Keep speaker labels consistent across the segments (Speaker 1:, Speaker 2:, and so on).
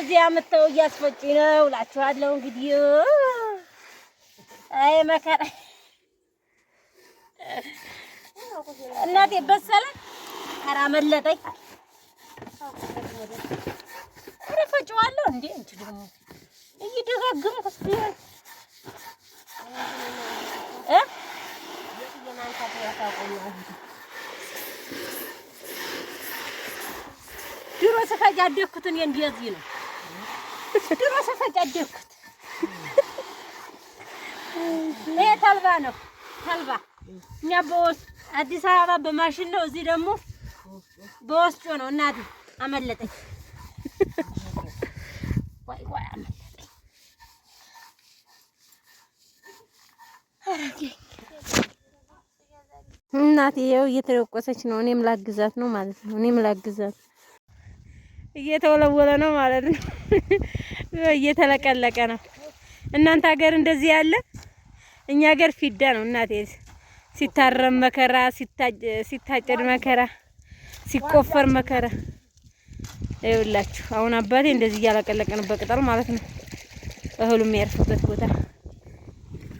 Speaker 1: እዚህ አምጥተው እያስፈጭ ነው እላችኋለሁ። እንግዲህ አይ መከራ እናቴ በሰለ ኧረ አመለጠኝ። ኧረ ፈጭዋለሁ እንዴ እንት ደግሞ እየደጋገምኩ እስኪ እ ስፈጅ ያደግኩት እኔ እንደዚህ ነው። ድሮ ስፈጅ ያደግኩት ይሄ ተልባ ነው። ተልባ እኛ አዲስ አበባ በማሽን ነው፣ እዚህ ደግሞ በወስጮ ነው። እናቴ አመለጠኝ፣ አመለጠኝ። እናቴ ይኸው እየተለቆሰች ነው። እኔም ላግዛት ነው ማለት ነው። እኔም ላግዛት እየተወለወለ ነው ማለት ነው። እየተለቀለቀ ነው። እናንተ ሀገር እንደዚህ ያለ እኛ ሀገር ፊዳ ነው እናቴ። ሲታረም መከራ፣ ሲታጨድ መከራ፣ ሲቆፈር መከራ። ይኸውላችሁ አሁን አባቴ እንደዚህ እያለቀለቀ ነው ማለት ነው። እህሉ የሚያርፍበት ቦታ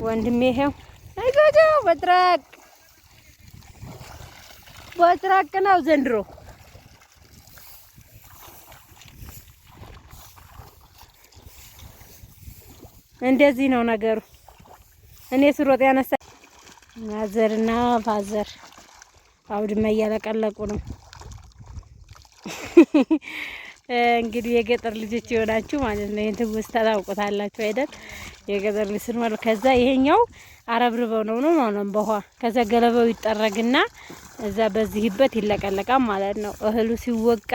Speaker 1: ወንድሜ ይሄው አይዞህ በጥራቅ በጥራቅ ነው ዘንድሮ እንደዚህ ነው ነገሩ። እኔ ስሮጥ ያነሳ ማዘርና ፋዘር አውድማ እያለቀለቁ ነው። እንግዲህ የገጠር ልጆች የሆናችሁ ማለት ነው ይህን ውስጥ ታውቁታላችሁ አይደል? የገጠር ልጅ ስንሆን ከዛ ይሄኛው አረብርበው ነው ነው ማለት ነው። በኋላ ከዛ ገለበው ይጠረግና እዛ በዚህበት ይለቀለቃል ማለት ነው። እህሉ ሲወቃ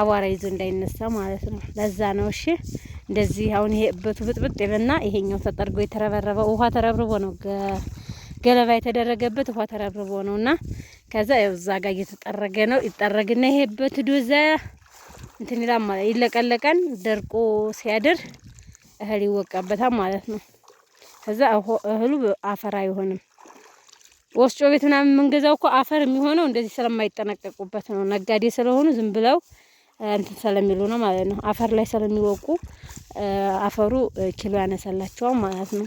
Speaker 1: አቧራ ይዞ እንዳይነሳ ማለት ነው። ለዛ ነው እሺ። እንደዚህ አሁን ይሄ እበቱ ብጥብጥ ይልና ይሄኛው ተጠርጎ የተረበረበ ውሃ ተረብርቦ ነው ገለባ የተደረገበት ውሃ ተረብርቦ ነውና ከዛ ያው እዛ ጋር እየተጠረገ ነው። ይጠረግና ይሄ እበቱ ዶዛ እንትን ይላል ማለት ይለቀለቀን ደርቆ ሲያድር እህል ይወቃበታል ማለት ነው። ከዛ እህሉ አፈር አይሆንም። ወፍጮ ቤት ምናምን የምንገዛው እኮ አፈር የሚሆነው እንደዚህ ስለማይጠነቀቁበት ነው። ነጋዴ ስለሆኑ ዝም ብለው እንትን ስለሚሉ ነው ማለት ነው። አፈር ላይ ስለሚወቁ አፈሩ ኪሎ ያነሳላቸዋል ማለት ነው።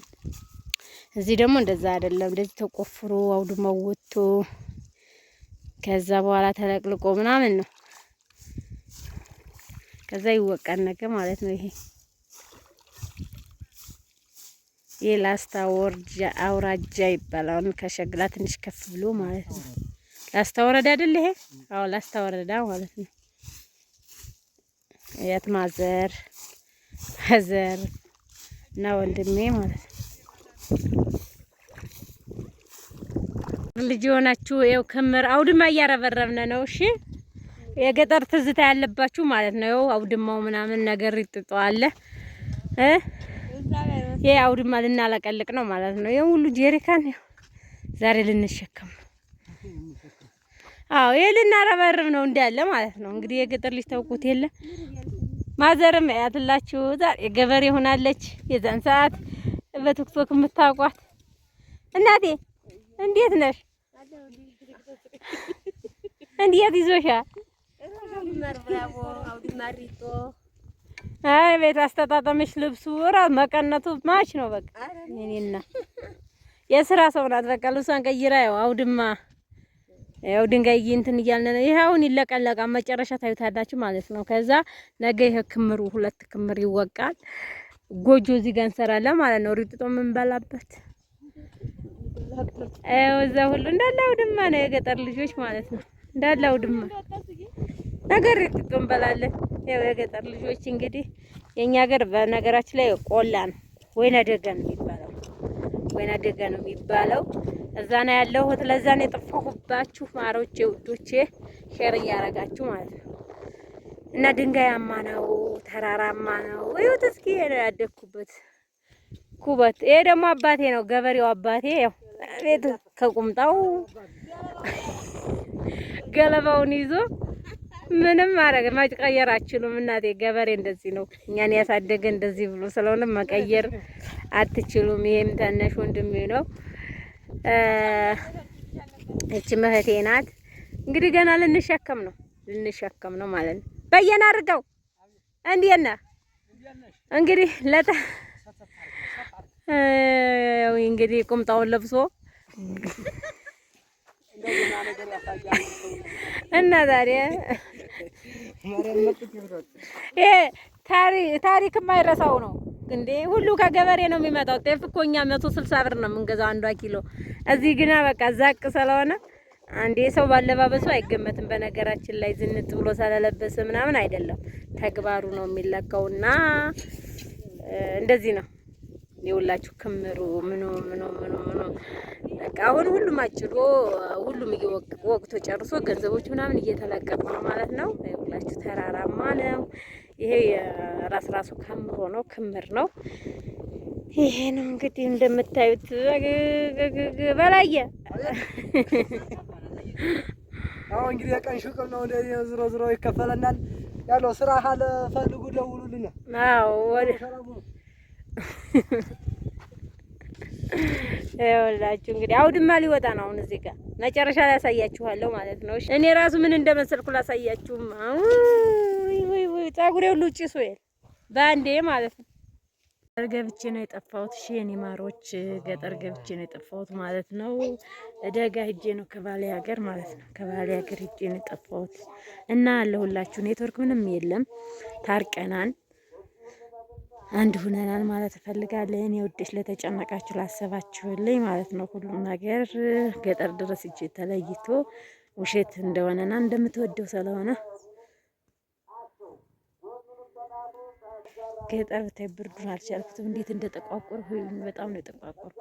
Speaker 1: እዚህ ደግሞ እንደዛ አይደለም። እንደዚህ ተቆፍሮ አውድማው ወጥቶ ከዛ በኋላ ተለቅልቆ ምናምን ነው። ከዛ ይወቃል ነገ ማለት ነው። ይሄ የላስታ ወርጃ አውራጃ ይባላል። ከሸግላ ትንሽ ከፍ ብሎ ማለት ነው። ላስታ ወረዳ አይደል ይሄ? አዎ ላስታ ወረዳ ማለት ነው። የት ማዘር ማዘር እና ወንድሜ ማለት ነው። ልጅ የሆናችሁ ይኸው ክምር አውድማ እያረበረብነ ነው። እሺ የገጠር ትዝታ ያለባችሁ ማለት ነው። አውድማው ምናምን ነገር ይጥጠዋል እ ይሄ አውድማ ልናለቀልቅ ነው ማለት ነው። ይሄ ሁሉ ጄሪካን ዛሬ ልንሸከም ነው። አዎ ይሄ ልናረበርብ ነው እንዳለ ማለት ነው። እንግዲህ የገጠር ልጅ ታውቁት የለ ማዘርም ያትላችሁ ዛሬ ገበሬ ሆናለች። የዛን ሰዓት በቲክቶክ የምታውቋት እናቴ እንዴት ነሽ? እንዴት ይዞሻል? አይ ቤት አስተጣጠምሽ፣ ልብሱ ራ መቀነቱ ማች ነው። በቃ እኔና የስራ ሰው ናት። በቃ ልብሷን ቀይራ ያው አውድማ ያው ድንጋይ እንትን እያልን ይሄውን ይለቀለቃል። መጨረሻ ታዩታላችሁ ማለት ነው። ከዛ ነገ ይሄ ክምሩ ሁለት ክምር ይወቃል። ጎጆ እዚህ ጋር እንሰራለን ማለት ነው። ሪጥጦ የምንበላበት ያው እዛ ሁሉ እንዳለ አውድማ ነው። የገጠር ልጆች ማለት ነው እንዳለ አውድማ ነገር ሪጥጦ እንበላለን። ያው የገጠር ልጆች እንግዲህ የኛ ሀገር በነገራችን ላይ ቆላ ነው ወይ ነደገን ወይና ደጋ ነው የሚባለው። እዛ ነው ያለሁት። ለዛ ነው የጠፋሁባችሁ ማሮቼ፣ ውዶቼ ሼር እያረጋችሁ ማለት ነው። እና ድንጋያማ ነው፣ ተራራማ ነው። ይኸው እስኪ ያደግኩበት ኩበት። ይሄ ደግሞ አባቴ ነው፣ ገበሬው አባቴ። ያው ቤት ከቁምጣው ገለባውን ይዞ ምንም ማድረግ መቀየር አችሉም። እናቴ ገበሬ እንደዚህ ነው፣ እኛን ያሳደገ እንደዚህ ብሎ ስለሆነ መቀየር አትችሉም። ይሄም ታናሽ ወንድሜ ነው። እቺ እህቴ ናት። እንግዲህ ገና ልንሸከም ነው ልንሸከም ነው ማለት ነው። በየና አድርገው እንዴና እንግዲህ ለታ እንግዲህ ቁምጣውን ለብሶ እና ዛሬ ታሪክ የማይረሳው ነው እንዴ! ሁሉ ከገበሬ ነው የሚመጣው። ጤፍ እኮ እኛ መቶ ስልሳ ብር ነው የምንገዛው አንዷ ኪሎ። እዚህ ግና በቃ ዛቅ ስለሆነ አንዴ ሰው ባለባበሱ አይገመትም። በነገራችን ላይ ዝንጥ ብሎ ስለለበሰ ምናምን አይደለም፣ ተግባሩ ነው የሚለካውና እንደዚህ ነው። የወላችሁ ክምሩ ምኑ ምኑ ምኑ ምኑ በቃ አሁን ሁሉም አጭዶ ሁሉም ወቅቶ ጨርሶ ገንዘቦች ምናምን እየተለቀቁ ነው ማለት ነው። የወላችሁ ተራራማ ነው። ይሄ የራስ ራሱ ከምሮ ነው ክምር ነው። ይሄ ነው እንግዲህ እንደምታዩት በላየ
Speaker 2: አሁን እንግዲህ የቀን ሹቅም ነው። እንደዚህ ዝሮ ዝሮ ይከፈለናል ያለው ስራ ካለ ፈልጉ ደውሉልን።
Speaker 1: አዎ ይኸውላችሁ እንግዲህ አውድማ ሊወጣ ነው። አሁን እዚህ ጋር መጨረሻ ላይ ያሳያችኋለሁ ማለት ነው። እኔ ራሱ ምን እንደመሰልኩ ላሳያችሁም። ወይ ፀጉሬ ሁሉ ጭሶ ይል በአንዴ ማለት ነው። ገጠር ገብቼ ነው የጠፋሁት። እሺ የኔ ማሮች ገጠር ገብቼ ነው የጠፋሁት ማለት ነው። ደጋ ሂጄ ነው ከባሌ ሀገር ማለት ነው። ከባሌ ሀገር ሂጄ ነው የጠፋሁት እና አለሁላችሁ። ኔትወርክ ምንም የለም ታርቀናን አንድ ሁነናል ማለት እፈልጋለሁ። እኔ ውዴሽ ለተጨነቃችሁ ላሰባችሁልኝ ማለት ነው። ሁሉም ነገር ገጠር ድረስ እጅ ተለይቶ ውሸት እንደሆነና እንደምትወደው ስለሆነ ገጠር ብታይ ብርዱን አልቻልኩትም። እንዴት እንደጠቋቆርኩ በጣም ነው የጠቋቆርኩት።